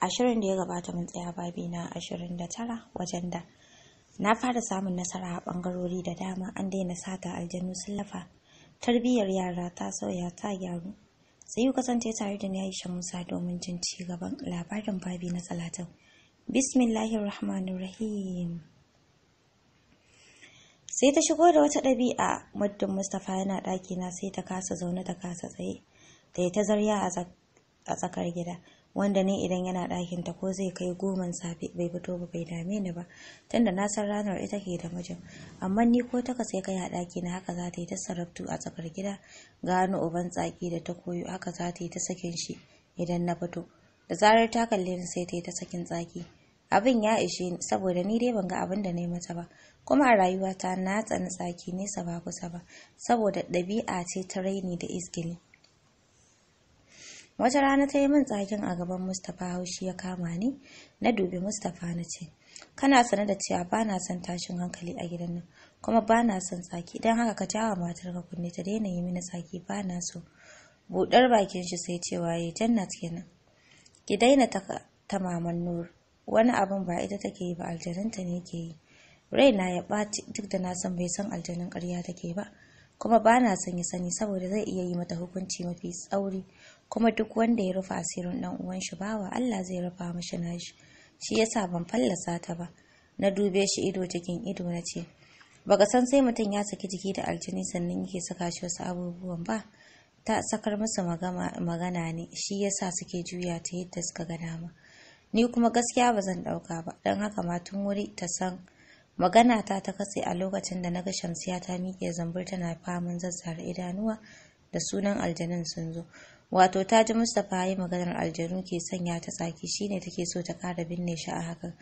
ashirin da ya gabata mun tsaya babi na ashirin da tara wajen da na fara samun nasara a ɓangarori da dama an daina sata aljanu sun lafa tarbiyyar yara ta sauya ta gyaru sai ku kasance tare da ni shan Musa domin jin ci gaban labarin babi na talatin rahim. sai ta shigo da wata ɗabi'a muddin Mustapha yana ɗakina sai ta kasa zaune ta kasa tsaye da ya ta zarya a tsakar gida wanda ne idan yana ɗakin ta ko zai kai goman safe bai fito ba bai dame ni ba tunda na san ranar ita ke da mijin amma ni ko ta sai kai a ɗaki na haka za ta yi ta sarabtu a tsakar gida gano uban tsaki da ta koyo haka za ta yi ta sakin shi idan na fito da zarar ta kalle ni sai ta yi ta sakin tsaki abin ya ishe ni saboda ni dai ban ga abin da na yi mata ba kuma a rayuwata na tsani tsaki nesa ba kusa ba saboda ɗabi'a ce ta raini da izgili wata rana ta yi min tsakin a gaban mustapha haushi ya kama ni na dubi mustapha na ce kana sanar da cewa ba na son tashin hankali a gidan nan kuma ba na son tsaki don haka ka jawa matar ka kunne ta daina yi mini tsaki ba na so budar bakin shi sai cewa ya jannat kenan ki daina ta maman nur wani abin ba ita take yi ba aljanunta ne ke yi raina ya ɓaci duk da na san bai san aljanun ƙarya take ba kuma ba na son ya sani saboda zai iya yi mata hukunci mafi tsauri kuma duk wanda ya rufe asirin dan uwan shi bawa Allah zai rufa mishi nashi shi yasa ban fallasa ta ba na dube shi ido cikin ido na ce baka san sai mutum ya saki jiki da aljini sannan yake saka shi wasu abubuwan ba ta sakar musu magana ne shi yasa suke juya ta yadda suka ga dama ni kuma gaskiya ba zan dauka ba dan haka ma tun wuri ta san magana ta ta katse a lokacin da na ga shamsiya ta miƙe zambur tana faman zazzara idanuwa da sunan aljanin sun zo wato ta ji mustapha yi maganar aljanu ke sanya ta tsaki shine take so ta kara binne shi a hakan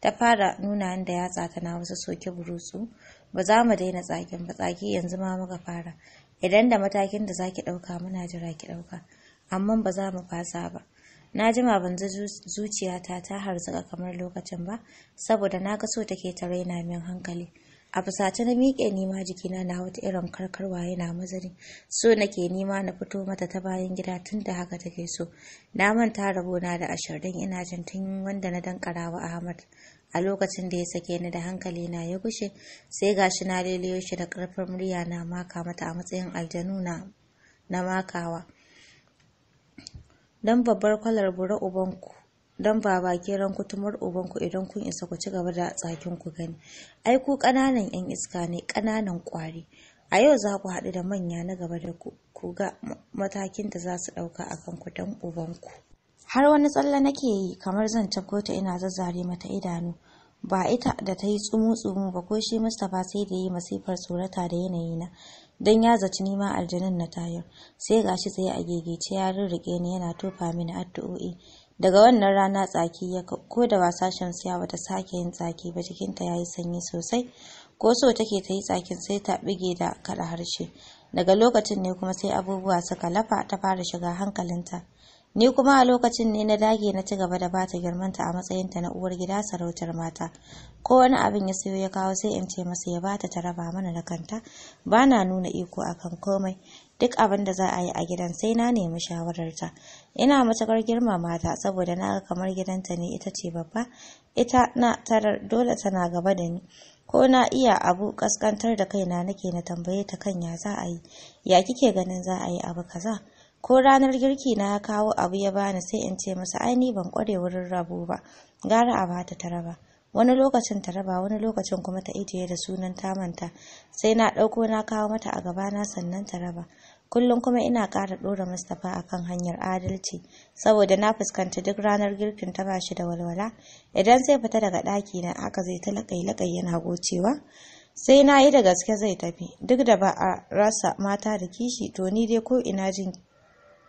ta fara nuna da yatsa na wasu soke burutsu ba za mu daina tsakin ba tsaki yanzu ma muka fara idan da matakin da zaki ɗauka muna jira ki ɗauka amma ba za mu fasa ba na jima ban ji zuciyata ta harzuka kamar lokacin ba saboda na ga so take ta raina min hankali a fusace na miƙe nima jikina na wata irin karkarwa yana mazari so nake nima na fito mata ta bayan gida tun da haka take so na manta rabona da ashirin ina jin tun wanda na dankarawa ahmad a lokacin da ya sake ni da hankali na ya gushe sai ga shi na leliyo shi da karfin murya na maka mata a matsayin aljanu na makawa don babbar kwalar bura ubanku don baba kiran kutumar ubanku idan kun isa ku ci gaba da tsakin ku gani ai ku ƙananan 'yan iska ne ƙananan kwari a yau za ku haɗu da manya na gaba da ku ga matakin da za su ɗauka a kan don ubanku har wani tsalle nake yi kamar zan tafko ta ina zazzare mata idanu ba ita da ta yi tsumu-tsumu ba ko shi mustapha sai da yi masifar tsorata da yanayi na don ya zaci nima aljanin na tayar sai gashi tsaye a gegece ya rirriƙe ni yana tofa mini addu'o'i daga wannan rana tsaki ya ko da wasa shamsiya bata sake yin tsaki ba jikinta yayi sanyi sosai ko so take ta yi tsakin sai ta bige da kada harshe daga lokacin ne kuma sai abubuwa suka lafa ta fara shiga hankalinta ni kuma a lokacin ne na dage na ci gaba da ta girmanta a matsayinta na uwar gida sarautar mata ko wani abin ya sayo ya kawo sai in ce masa ya ba ta raba mana da kanta bana nuna iko akan komai duk abin da za a yi a gidan sai na nemi shawararta ina matukar girmama ta saboda na ga kamar gidanta ne ita ce babba ita na tarar dole tana gaba da ni ko na iya abu kaskantar da kaina nake na tambaye ta kan ya za a yi ya kike ganin za a yi abu kaza ko ranar girki na kawo abu ya bani sai in ce masa ai ni ban kware wurin rabo ba gara a bata ta raba wani lokacin ta raba wani lokacin kuma ta ijiye da sunan ta manta sai na ɗauko na kawo mata a gabana sannan ta raba kullum kuma ina ƙara ɗora mustapha akan hanyar adalci saboda na fuskanta duk ranar girkin ta bashi da walwala idan sai fita daga ɗaki na haka zai ta laƙai-laƙai yana gocewa sai na yi da gaske zai tafi duk da ba a rasa mata da kishi to ni dai ko ina jin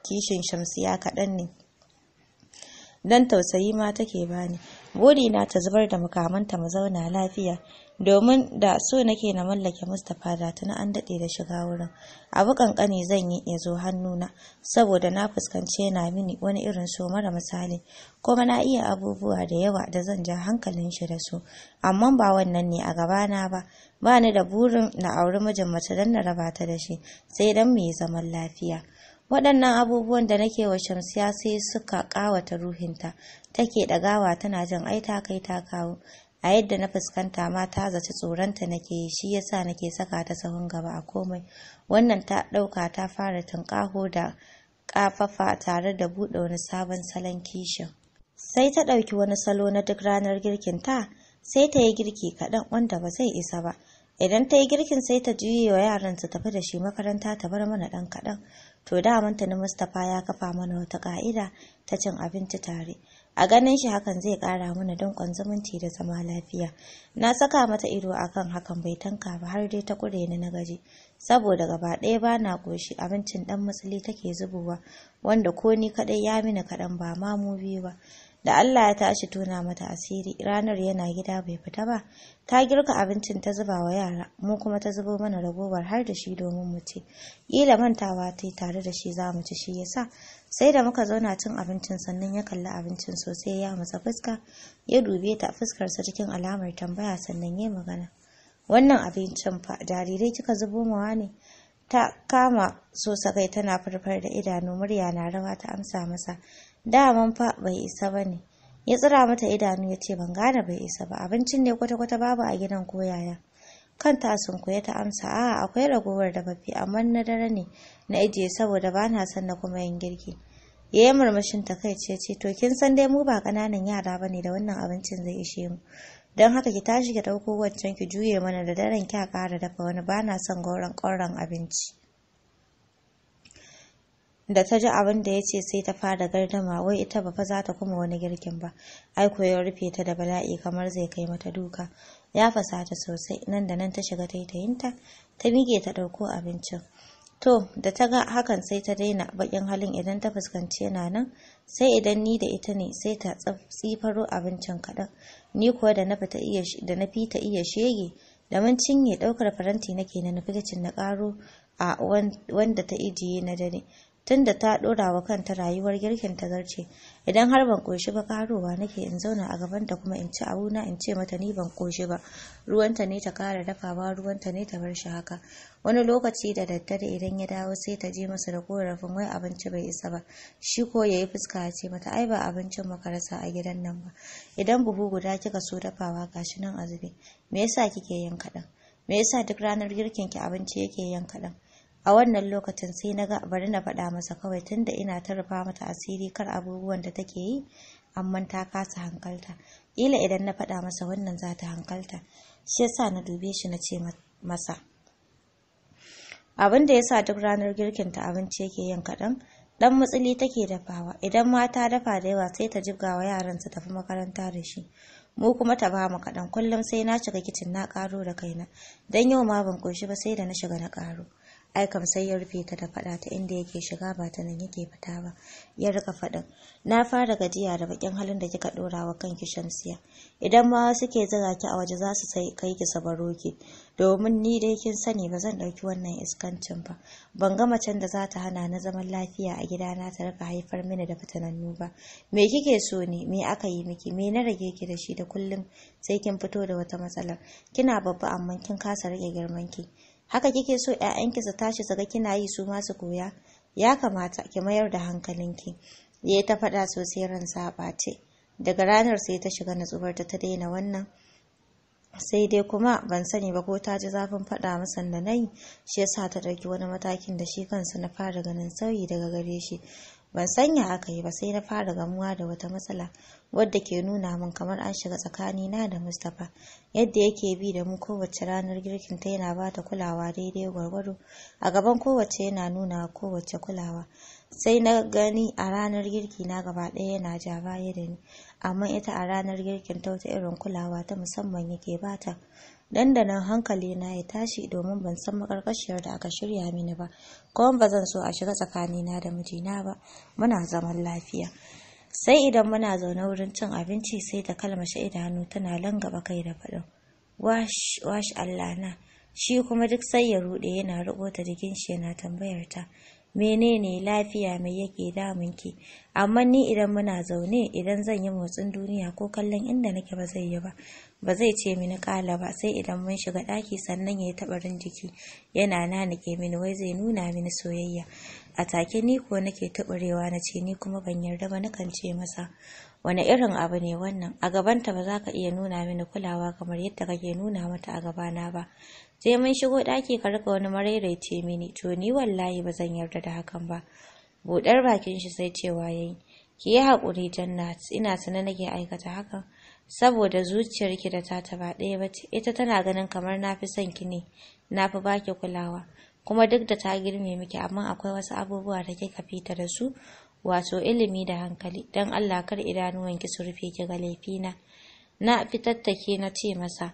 kishin shamsiya kaɗan ne don tausayi ma take bani buri na ta zubar da mukamanta mu zauna lafiya domin da so nake na mallake Mustapha da tuna an daɗe da shiga wurin. Abu kankani zan yi ya zo hannuna saboda na fuskanci yana mini wani irin so mara misali kuma na iya abubuwa da yawa da zan ja hankalin shi da su amma ba wannan ne a gabana ba ba ni da burin na auri mijin mace don na raba ta da shi sai dan mu yi zaman lafiya. waɗannan abubuwan da nake wa shamsiya sai suka ƙawata ruhinta take ɗagawa tana jin ai ta kai ta kawo a yadda na fuskanta ma ta zaci tsoronta nake yi shi yasa nake saka ta sahun gaba a komai wannan ta ɗauka ta fara tunƙaho da ƙafafa tare da buɗe wani sabon salon kishin sai ta ɗauki wani salo na duk ranar girkin ta sai ta yi girki kaɗan wanda ba zai isa ba idan ta yi girkin sai ta juye wa yaran su tafi da shi makaranta ta bar mana ɗan kaɗan to damanta na mustapha ya kafa mana wata ƙa'ida ta cin abinci tare a ganin shi hakan zai ƙara mana danƙon zumunci da zama lafiya na saka mata ido akan hakan bai tanka ba har dai ta kure ni na gaji saboda gaba ɗaya ba na ƙoshi abincin ɗan matsali take zubowa wanda ko ni kaɗai ya mini kaɗan ba ma mu biyu ba da Allah ya tashi tuna mata asiri ranar yana gida bai fita ba ta girka abincin ta zuba wa yara mu kuma ta zubo mana ragowar har da shi domin mu ci kila mantawa ta tare da shi za mu ci shi yasa sai da muka zauna cin abincin sannan ya kalli abincin sosai ya matsa fuska ya dube ta fuskarsa cikin alamar tambaya sannan ya magana wannan abincin fa jarirai kika zubo mawa ne ta kama so sakai tana farfar da idanu murya na rawa ta amsa masa daman fa bai isa ba ne ya tsira mata idanu ya ce ban gane bai isa ba abincin ne kwata-kwata babu a gidan koyaya. kanta ya ta amsa a akwai ragowar dafaffe amma na dare ne na ajiye saboda ba na son na kuma yin girki ya yi murmushin ta kai ce ce to kin san dai mu ba ƙananan yara ba ne da wannan abincin zai ishe mu don haka ki tashi ki ɗauko wancan ki juye mana da daren a ƙara dafa wani ba na son gauran ƙoran abinci da ta ji abin da ya ce sai ta fara gardama wai ita ba fa za ta kuma wani girkin ba ai ya rufe ta da bala'i kamar zai kai mata duka ya fasata sosai nan da nan ta shiga taitayinta ta miƙe ta ɗauko abincin to da ta ga hakan sai ta daina baƙin halin idan ta fuskanci yana nan sai idan ni da ita ne sai ta tsifaro abincin kaɗan ni kuwa da na fi ta iya shege da mun cinye ɗaukar faranti nake na nufi kicin na ƙaro a wanda ta ijiye na dare tunda ta ɗora wa kanta rayuwar girkin ta garce idan har ban koshi ba karowa nake in zauna a gaban ta kuma in ci abuna in ce mata ni ban koshi ba ruwanta ne ta kara dafawa ruwanta ne ta bar shi haka wani lokaci da daddare idan ya dawo sai ta je masa da korafin wai abinci bai isa ba shi ko yayi fuska ya ce mata ai ba abincin muka rasa a gidan nan ba idan buhu guda kika so dafawa gashi nan a zube me yasa kike yin kaɗan me yasa duk ranar girkin ki abinci yake yin kaɗan a wannan lokacin sai na ga bari na faɗa masa kawai tunda ina ta rufa mata asiri kar abubuwan da take yi amma ta kasa hankalta ƙila idan na faɗa masa wannan za ta hankalta shi yasa na dube shi na ce masa abin da yasa duk ranar girkin ta abinci yake yin kaɗan ɗan matsili take dafawa idan mata dafa da yawa sai ta jibgawa yaran su tafi makaranta da shi mu kuma ta bamu mu kaɗan kullum sai na shiga kicin na ƙaro da kaina don yau ma ban ƙoshi ba sai da na shiga na ƙaro ai kam sai ya rufe ta da fada ta inda yake shiga ba ta nan yake fita ba ya rika fadin na fara gajiya da bakin halin da kika dora wa kanki shamsiya idan ma suke zira ki a waje za su sai kai ki sabaro ki domin ni dai kin sani ba zan dauki wannan iskancin ba ban ga macen da za ta hana na zaman lafiya a gidana ta rika haifar mini da fitanannu ba me kike so ne me aka yi miki me na rage ki da shi da kullum sai kin fito da wata matsalar kina babba amma kin kasa rage girman ki haka kike so ƴaƴanki su tashi su ga kina yi su ma su koya ya kamata ki mayar da hankalinki ya ta faɗa sosai ran saɓa ce. daga ranar sai ta shiga natsuwar ta daina wannan sai dai kuma ban sani ba ko ta ji zafin faɗa masa da nayi shi yasa ta ɗauki wani matakin da shi kansa na fara ganin sauyi daga gare shi ban sanya aka yi ba sai na fara gamuwa da wata matsala wadda ke nuna min kamar an shiga tsakani na da mustapha yadda yake bi da mu kowace ranar girkin ta yana ba ta kulawa daidai gwargwado a gaban kowace yana nuna kowace kulawa sai na gani a ranar girki na gaba ɗaya yana ja baya da ni amma ita a ranar girkin ta wata irin kulawa ta musamman yake bata Dandanon hankali na ya tashi domin ban san makarkashiyar da aka shirya mini ba kuma ba zan so a shiga tsakanina da mijina ba muna zaman lafiya sai idan muna zaune wurin cin abinci sai ta kalmashe idanu tana langaba kai da faɗin wash Allah na shi kuma duk sai ya rude yana rubuta ta shi yana tambayar ta menene lafiya mai yake damun ki? amma ni idan muna zaune idan zan yi motsin duniya ko kallon inda nake ba zai yi ba ba zai ce mini kala ba sai idan mun shiga ɗaki sannan ya yi tabarin jiki yana nanike mini wai zai nuna mini soyayya a take ni ko nake taɓarewa na ce ni kuma ban yarda ba nakan ce masa wani irin abu ne wannan a gabanta ba za ka iya nuna mini kulawa kamar yadda kake nuna mata a gabana ba sai mun shigo ɗaki ka rika wani marairaice mini to ni wallahi ba zan yarda da hakan ba buɗar bakin shi sai cewa yayi ki yi haƙuri jannat ina sana nake aikata hakan saboda zuciyarki da ta taba ɗaya ba ce ita tana ganin kamar na fi son ki ne na fi baki kulawa kuma duk da ta girme miki amma akwai wasu abubuwa da kika fita da su wato ilimi da hankali don Allah kar ki su rufe ki ga laifina na fitattake na ce masa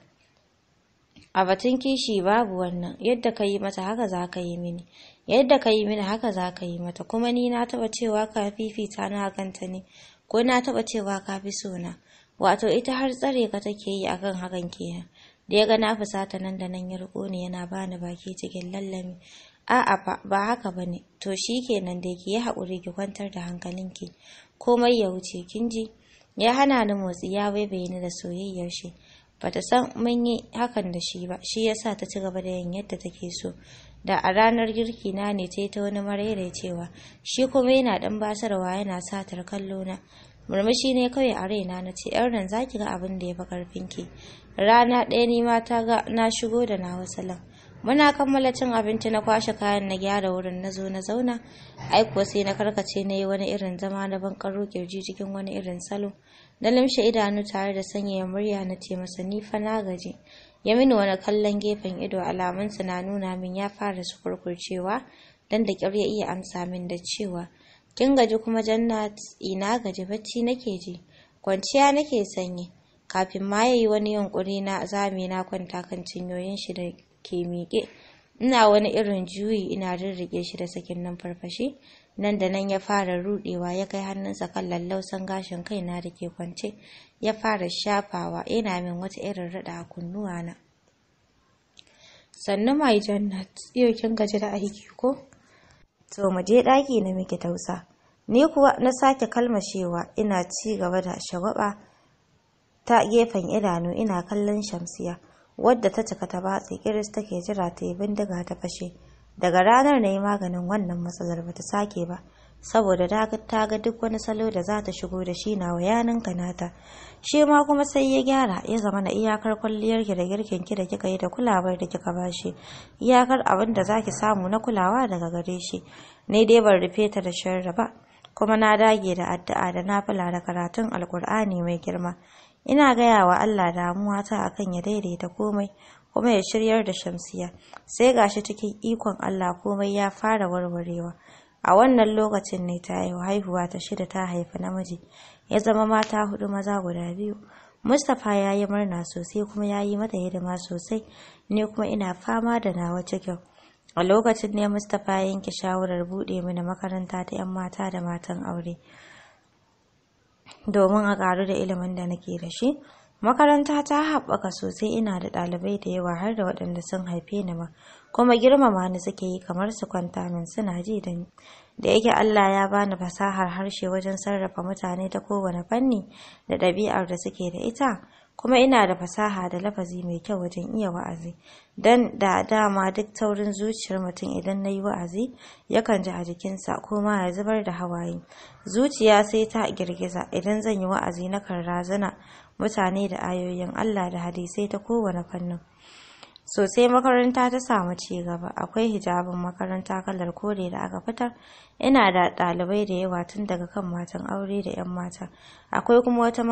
a batun kishi babu wannan yadda ka yi mata haka za ka yi mini yadda ka yi mini haka za ka yi mata kuma ni na taba cewa ka fifita na kanta ne ko na taba cewa ka fi na? wato ita har tsare ka take yi akan hakan kenan da ya ga na fusata nan da nan ya riko ni yana bani baki cikin lallami a'a fa ba haka ba ne to shi kenan dai ki yi haƙuri ki kwantar da hankalinki komai ya wuce kin ji ya hana ni motsi ya baibaye ni da soyayyar shi bata san mun yi hakan da shi ba shi yasa ta ci gaba da yin yadda take so da a ranar girki na ne ta ta wani maraidaicewa. cewa shi kuma yana dan basarwa yana satar kallo na murmushi ne kawai a raina na ce yar nan zaki ga abin da ya fi karfinki rana ɗaya ni ma ta ga na shigo da na wasalan muna kammala cin abinci na kwashe kayan na gyara wurin na zo na zauna ai kuwa sai na karkace na yi wani irin zama na karo kirji cikin wani irin salo na limshe idanu tare da sanyaya murya na ce masa ni fa na gaji ya mini wani kallon gefen ido alamunsa na nuna min ya fara sukurkurcewa dan da kyar ya iya amsa min da cewa kin gaji kuma jannat ina gaji bacci nake ji kwanciya nake sanyi kafin ma yayi wani yunkuri na zame na kwanta kan cinyoyin shi da ke miƙe ina wani irin juyi ina rirrike shi da sakin nan farfashe. nan da nan ya fara rudewa ya kai hannunsa kan lallausan gashin kaina da ke kwance ya fara shafawa Ina min wata irin rada a na. sannu mai jannat yau kin gaji da aiki ko to mu je daki na miki tausa ni kuwa na sake kalmashewa ina ci gaba da shagwaba ta gefen idanu ina kallon shamsiya wadda ta cika ta batse kiris take jira ta yi bindiga ta fashe daga ranar na yi maganin wannan matsalar bata sake ba saboda ta ga duk wani salo da za ta shigo da shi na wayanin kanata shi ma kuma sai ya gyara ya zama na iyakar kwalliyar ki da girkin ki da kika yi da kulawar da kika ba shi iyakar abin da za ki samu na kulawa daga gare shi ne dai ban rufe ta da sharri ba kuma na dage da addu'a da nafila da karatun alkur'ani mai girma ina gaya wa Allah damuwata akan ya daidaita komai kuma ya shiryar da shamsiya sai gashi cikin ikon Allah komai ya fara warwarewa a wannan lokacin ne ta haihu haihuwa ta shida ta haifi namiji ya zama mata hudu maza guda biyu mustapha ya yi murna sosai kuma ya yi mata hidima sosai ne kuma ina fama da nawa cikin a lokacin ne mustapha ya yanke shawarar buɗe mini makaranta ta 'yan mata da matan aure domin a ƙaru da ilimin da nake da shi makaranta ta haɓaka sosai ina da ɗalibai da yawa har da waɗanda sun haife ni ma kuma girmama ni suke yi kamar su kwanta min suna ji da ni da yake Allah ya bani fasahar harshe wajen sarrafa mutane ta kowane fanni da ɗabi'ar da suke da ita kuma ina da fasaha da lafazi mai kyau wajen iya wa'azi don da dama duk taurin zuciyar mutum idan na yi wa'azi yakan ji a jikinsa ko ma ya zubar da hawaye zuciya sai ta girgiza idan zan yi wa'azi na nakan razana mutane da ayoyin allah da hadisai ta kowane fannin sosai makaranta ta samu ci gaba akwai hijabin makaranta kalar kore da aka fitar ina da ɗalibai da yawa tun daga kan matan aure da 'yan mata akwai kuma wata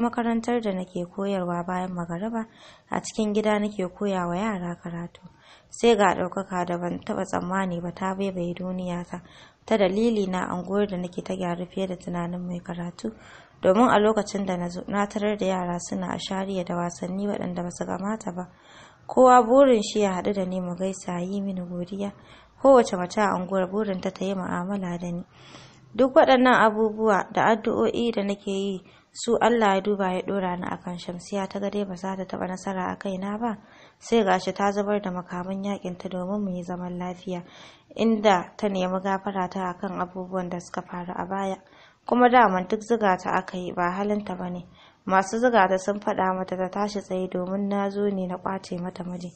makarantar da nake koyarwa bayan magaraba a cikin gida nake koya wa yara karatu sai ga ɗaukaka da ban taɓa tsammani ba ta bai bai duniya ta ta dalili na anguwar da nake ta gyara fiye da tunanin mai karatu domin a lokacin da na tarar da yara suna a shariya da wasanni waɗanda ba su gamata ba kowa burin shi ya haɗu da ni mu gaisa yi mini godiya kowace mace a unguwar burin ta ta yi mu'amala da ni duk waɗannan abubuwa da addu'o'i da nake yi su Allah ya duba ya ɗora ni a kan shamsiya ta gade ba za ta taɓa nasara a kaina ba sai gashi ta zubar da makaman yakin ta domin mu yi zaman lafiya inda ta nemi gafara ta akan abubuwan da suka faru a baya kuma daman duk ziga ta aka yi ba halinta ba ne masu zuga ta sun faɗa mata ta tashi tsaye domin na zo ne na kwace mata miji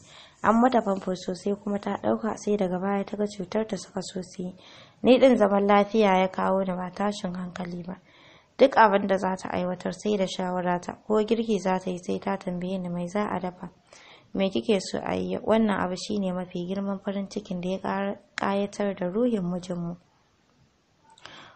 an mata famfo sosai kuma ta ɗauka sai daga baya ta ga cutar ta suka sosai ni ɗin zaman lafiya ya kawo ni ba tashin hankali ba duk abin da za ta aiwatar sai da shawarata ko girki za ta yi sai ta tambaye ni mai za a dafa me kike so a yi wannan abu shine mafi girman farin cikin da ya ƙayatar da ruhin mijinmu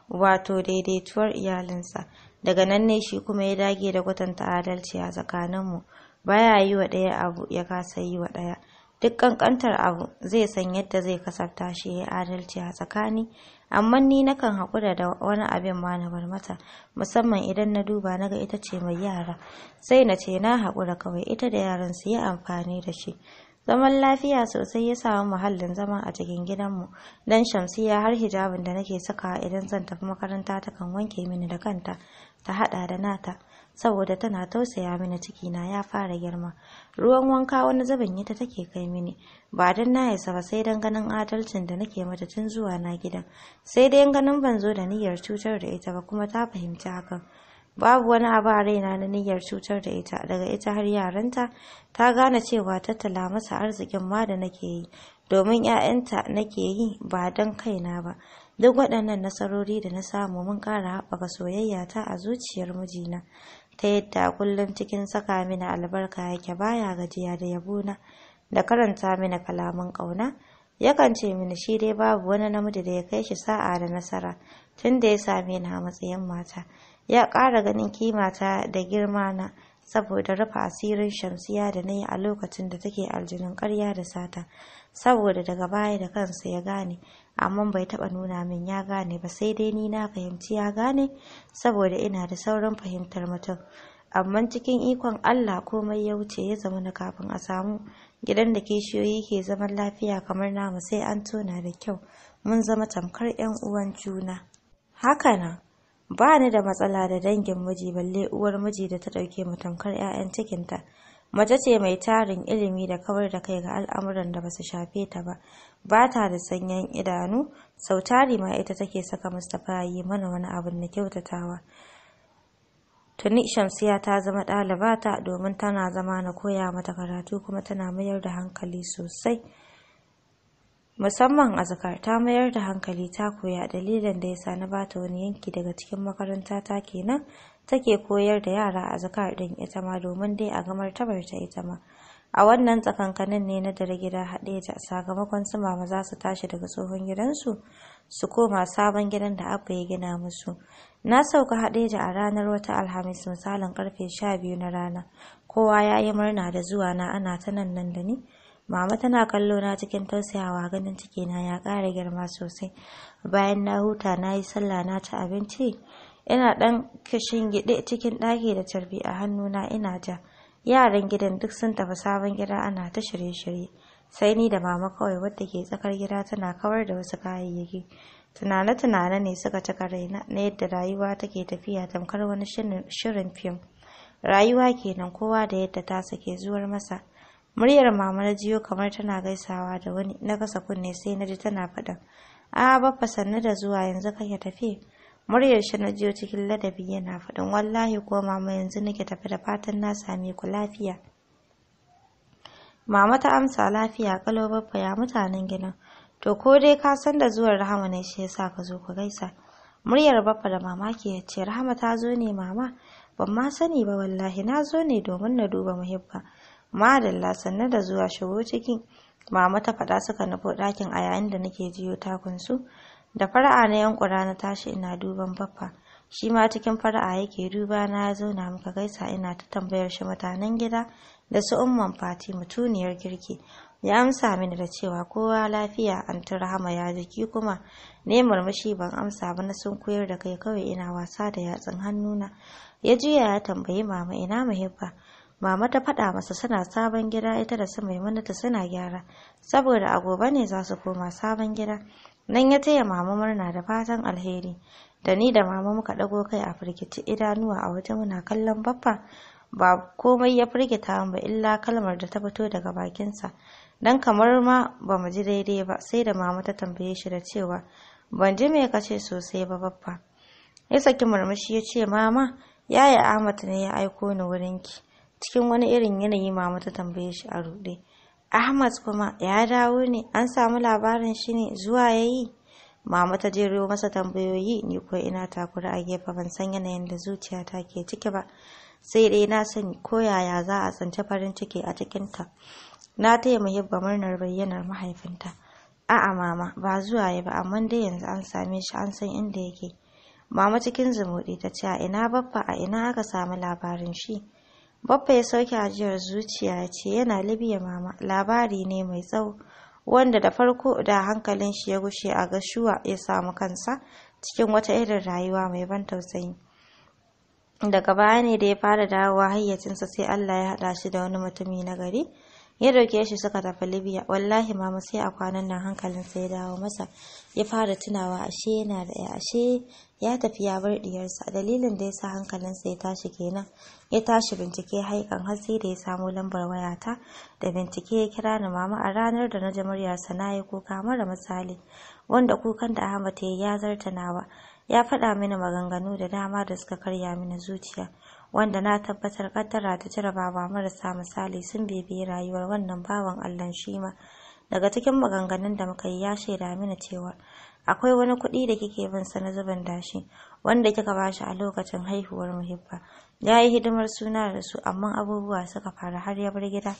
wato daidaituwar iyalinsa daga nan ne shi kuma ya dage da kwatanta adalci a tsakaninmu baya yi wa ɗaya abu ya kasa yi wa ɗaya duk ƙanƙantar abu zai san yadda zai kasafta shi ya adalci a tsakani amma ni nakan haƙura da wani abin ma na bar mata musamman idan na duba naga ita ce mai yara sai na ce na haƙura kawai ita da yaran su yi amfani da shi zaman lafiya sosai ya samu muhallin zama a cikin gidanmu don shamsiya har hijabin da nake sakawa idan zan tafi makaranta ta kan wanke mini da kanta ta hada da nata saboda tana tausaya mini ciki na ya fara girma ruwan wanka wani zubin ita take kai mini ba don na isa ba sai don ganin adalcin da nake mata tun zuwa na gidan sai dai ganin ban zo da niyyar cutar da ita ba kuma ta fahimci hakan babu wani abu a raina na niyyar cutar da ita daga ita har yaranta ta gane cewa tattala masa arzikin ma da nake yi domin 'ya'yanta nake yi ba don kaina ba duk waɗannan nasarori da na samu mun ƙara haɓaka soyayyata a zuciyar mijina ta yadda kullum cikin saka mini albarka yake baya gajiya da yabona da karanta mini kalaman ƙauna yakan ce mini shi dai babu wani namiji da ya kai shi sa'a da nasara tun da ya same ni a matsayin mata ya ƙara ganin kimata da girma na saboda rufe asirin shamsiya da na yi a lokacin da take aljinin ƙarya da sata saboda daga baya da kansa ya gane amma bai taɓa nuna min ya gane ba sai dai ni na fahimci ya gane saboda ina da saurin fahimtar mutum amma cikin ikon Allah komai ya wuce ya zama na kafin a samu gidan da kishiyoyi ke zaman lafiya kamar namu sai an tona da kyau mun zama tamkar 'yan uwan juna haka nan ba ni da matsala da dangin miji balle uwar miji da ta dauke mu tamkar 'ya'yan cikinta mace ce mai tarin ilimi da kawar da kai ga al'amuran da basu shafe ta ba ba ta da sanyan idanu sautari ma ita take saka mustapha yi mana wani abu na kyautatawa tuni shamsiya ta zama dalibata domin tana zama na koya mata karatu kuma tana mayar da hankali sosai musamman a zakar ta mayar da hankali ta koya dalilin da yasa na bata wani yanki daga cikin makaranta ta kenan take koyar da yara a zakar din ita ma domin dai a ga martabar ta ita ma a wannan tsakankanin ne na dare gida haɗe ta sakamakon su mama za su tashi daga tsohon gidansu su koma sabon gidan da abba ya gina musu na sauka haɗe da a ranar wata alhamis misalin karfe sha biyu na rana kowa ya yi murna da zuwa na ana ta nan nan da ni Mama tana kallo na cikin tausayawa ganin cikina ya ƙara girma sosai. Bayan na huta na yi sallah na ci abinci, ina ɗan kishin gide cikin ɗaki da tarbi a hannuna ina ja. Yaran gidan duk sun tafi sabon gida ana ta shirye-shirye. Sai ni da mama kawai wadda ke tsakar gida tana kawar da wasu kayayyaki. Tunane-tunane ne suka cika raina na yadda rayuwa take tafiya tamkar wani shirin fim. Rayuwa kenan kowa da yadda ta sake zuwar masa. muryar mama na jiyo kamar tana gaisawa da wani na kasa kunne sai na ji tana faɗin. a baffa sannu da zuwa yanzu kake tafi muryar shi na jiyo cikin ladabi yana faɗin wallahi ko mama yanzu nake tafi da fatan na same ku lafiya mama ta amsa lafiya kalo baffa ya mutanen gidan to ko dai ka san da zuwan rahama ne shi yasa ka zo ku gaisa muryar baffa da mama ya ce rahama ta zo ne mama ban ma sani ba wallahi na zo ne domin na duba muhibba madalla sannan da zuwa shigo ciki mama ta faɗa suka nufo ɗakin a yayin da nake jiyo takunsu da fara'a na yankura na tashi ina duban baffa shi ma cikin fara'a yake duba na ya zauna muka gaisa ina ta tambayar shi mutanen gida da su umman fati mutuniyar kirki ya amsa mini da cewa kowa lafiya an rahama ya jiki kuma ne murmushi ban amsa ba na sun koyar da kai kawai ina wasa da yatsun hannuna ya juya ya tambayi mama ina muhibba Mama ta faɗa masa suna sabon gida ita da su ta suna gyara, saboda a gobe ne za su koma sabon gida. Nan ya taya mama murna da fatan alheri. Da ni da mama muka ɗago kai a firgici idanuwa a waje muna kallon baffa. Ba komai ya firgita ba illa kalmar da ta fito daga bakinsa. Dan kamar ma ba mu ji daidai ba sai da mama ta tambaye shi da cewa ban ji me kace sosai ba baffa. Ya saki murmushi ya ce mama yaya Ahmad ne ya aiko ni wurinki. cikin wani irin yanayi mama ta tambaye shi a rude. ahmad kuma ya dawo ne an samu labarin shi ne zuwa ya yi mama ta jero masa tambayoyi ni ko ina takura a gefe ban san yanayin da zuciyata ke ciki ba sai dai na sani ko yaya za a tsanci farin ciki a cikinta na taya muhibba murnar bayyanar mahaifinta a'a mama ba zuwa ya ba amma dai yanzu an same shi an san inda yake mama cikin zumuɗi ta ce a ina baffa a ina aka samu labarin shi Baffa ya sauke ajiyar zuciya ce yana Libya mama labari ne mai tsawo wanda da farko da hankalin shi ya gushe a gashuwa ya samu kansa cikin wata irin rayuwa mai ban tausayi. Daga baya ne da ya fara dawowa hayyacinsa sai Allah ya haɗa shi da wani mutumi na gari ya dauke shi suka tafi libya wallahi mama sai a kwanan nan hankalin sai dawo masa ya fara tunawa ashe yana da ya ashe ya tafi ya bar diyarsa dalilin da ya sa sa ya tashi kenan ya tashi bincike haikan hatsi da ya samo lambar wayata da bincike ya kira ni mama a ranar da na ji muryarsa na yi kuka mara misali wanda kukan da ahmad ya yi ya zarta nawa ya faɗa mini maganganu da dama da suka karya mini zuciya wanda na tabbatar kaddara da jarabawa marasa misali sun bibiyi rayuwar wannan bawan Allah shi ma daga cikin maganganun da muka yi ya shaida mini cewa akwai wani kuɗi da kike bin sa na zuban dashi wanda kika bashi a lokacin haihuwar muhibba ya yi hidimar suna da su amma abubuwa suka fara har ya bar gida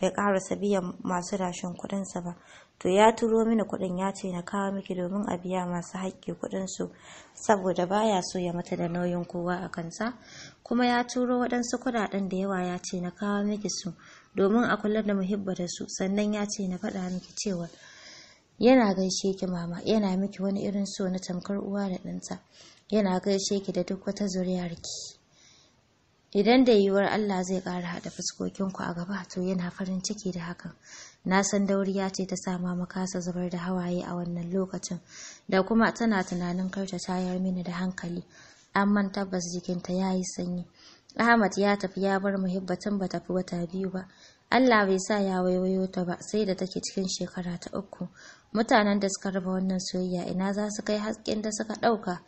bai karasa biyan masu dashin kuɗinsa ba to ya turo mini kuɗin ya ce na kawo miki domin a biya masu haƙƙi kuɗin su saboda baya so ya mata da nauyin kowa a kansa kuma ya turo waɗansu kudaden da yawa ya ce na kawo miki su domin a kula da muhibba su sannan ya ce na faɗa miki cewa yana gaishe ki mama yana miki wani irin so na tamkar uwa da ɗanta yana gaishe ki da duk wata zuriyarki ki idan da yiwuwar Allah zai ƙara haɗa fuskokinku a gaba to yana farin ciki da hakan na san dauriya ce ta sama makasa zubar da hawaye a wannan lokacin da kuma tana tunanin kar ta tayar mini da hankali man tabbas jikinta ya yi sanyi ahmad ya tafi ya bar muhibbatin ba tafi wata biyu ba allah bai sa ya waiwayo ta ba sai da take cikin shekara ta uku mutanen da suka raba wannan soyayya ina za su kai hasken da suka ɗauka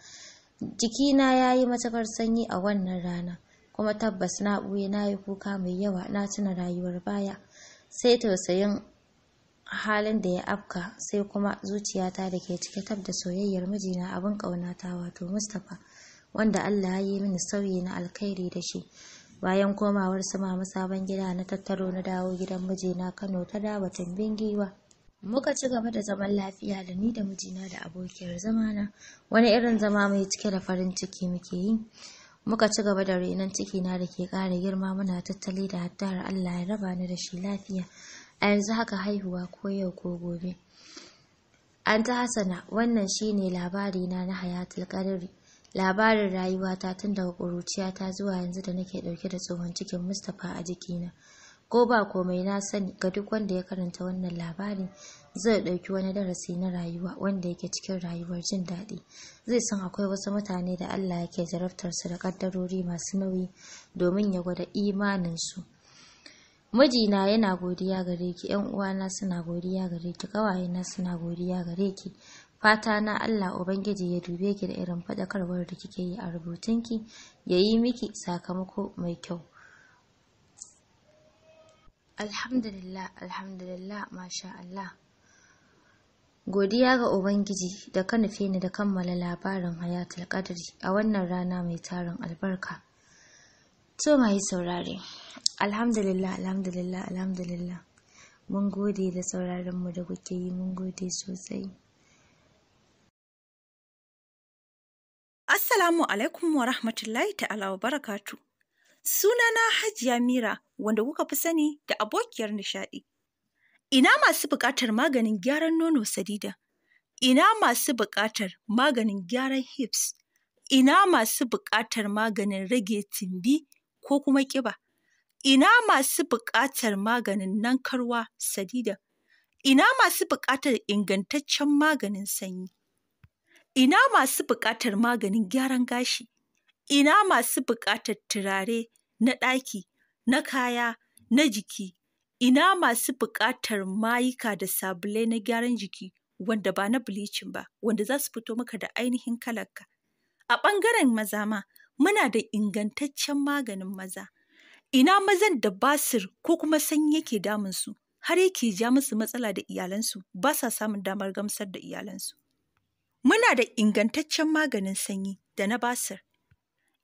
jikina ya yi matakar sanyi a wannan rana kuma tabbas na buye na yi kuka mai yawa na tuna rayuwar baya sai tausayin halin da ya afka sai kuma zuciyata da ke cike tab da soyayyar mijina abin ƙaunata wato mustapha wanda allah ya yi mini sauyi na alkhairi da shi bayan komawar sama sabon gida na tattaro na dawo gidan mijina kano ta dawatin giwa muka ci gaba da zaman lafiya da ni da mijina da abokiyar zamana wani irin zama mai cike da farin ciki muke yi muka ci gaba da renon cikina da ke ƙara girma muna tattali da hattar Allah ya raba ni da shi lafiya a yanzu haka haihuwa ko yau ko gobe an ta hasana wannan shi ne labarina na hayatul kadari labarin rayuwata tun daga ƙuruciyata zuwa yanzu da nake ɗauke da tsohon cikin mustapha a jikina ko ba komai na sani ga duk wanda ya karanta wannan labarin zai ɗauki wani darasi na rayuwa wanda yake cikin rayuwar jin daɗi zai san akwai wasu mutane da Allah yake jarabtarsu da ƙaddarori masu nauyi domin ya gwada imaninsu mijina yana godiya gare ki yan uwana suna godiya gare ki ƙawayena suna godiya gare ki fata na Allah ubangiji ya dube ki da irin faɗakarwar da kike yi a rubutunki ya yi miki sakamako mai kyau alhamdulillah alhamdulillah masha Allah Godiya ga Ubangiji da ka nufe ni da kammala labarin hayatul kadari a wannan rana mai tarin albarka. To mai saurare, alhamdulillah, alhamdulillah, alhamdulillah. Mun gode da saurarenmu da kuke yi, mun gode sosai. Assalamu alaikum wa rahmatullahi ta'ala wa barakatu. Sunana Hajiya Mira, wanda kuka fi sani da abokiyar nishaɗi. Ina masu buƙatar maganin gyaran nono sadida? Ina masu buƙatar maganin gyaran hips? Ina masu buƙatar maganin rage tumbi ko kuma ƙiba? Ina masu buƙatar maganin nankarwa sadida? Ina masu buƙatar ingantaccen maganin sanyi? Ina masu buƙatar maganin gyaran gashi? Ina masu buƙatar turare na ɗaki, na kaya, na jiki? Ina masu buƙatar mayuka da sabulai na gyaran jiki wanda ba na bleaching ba, wanda za su fito maka da ainihin kalarka. A ɓangaren maza ma, muna da ingantaccen maganin maza. Ina mazan da basir ko kuma sanyi yake damunsu, har yake ja musu matsala da iyalansu, ba sa samun damar gamsar da iyalansu. Muna da ingantaccen maganin sanyi da na basir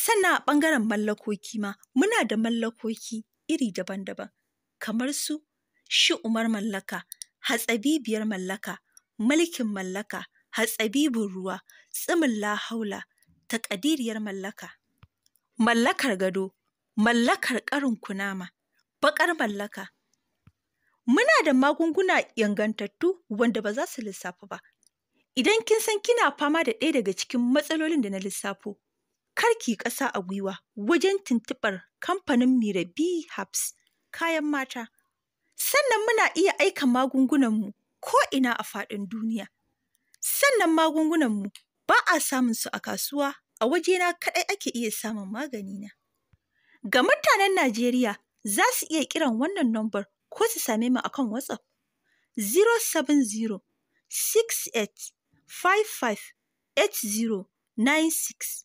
Sannan a ɓangaren mallakoki ma muna da mallakoki iri daban-daban kamar su shi umar mallaka, hatsabibiyar mallaka, mulkin mallaka, hatsabibin ruwa, tsimin lahaula, takadiriyar mallaka. Mallakar gado, mallakar ƙarin kunama, baƙar mallaka. Muna da magunguna yangantattu wanda ba za su lissafu ba. Idan kin san kina fama da ɗaya daga cikin matsalolin da na lissafo, karki ƙasa a gwiwa wajen tuntuɓar kamfanin Mirabi Hubs kayan mata. Sannan muna iya aika magungunanmu ko ina a faɗin duniya. Sannan magungunanmu ba a samun su a kasuwa a wajena kaɗai ake iya samun magani na. Ga mutanen Najeriya za su iya kiran wannan nombar ko su same mu akan WhatsApp 070 68 55 six.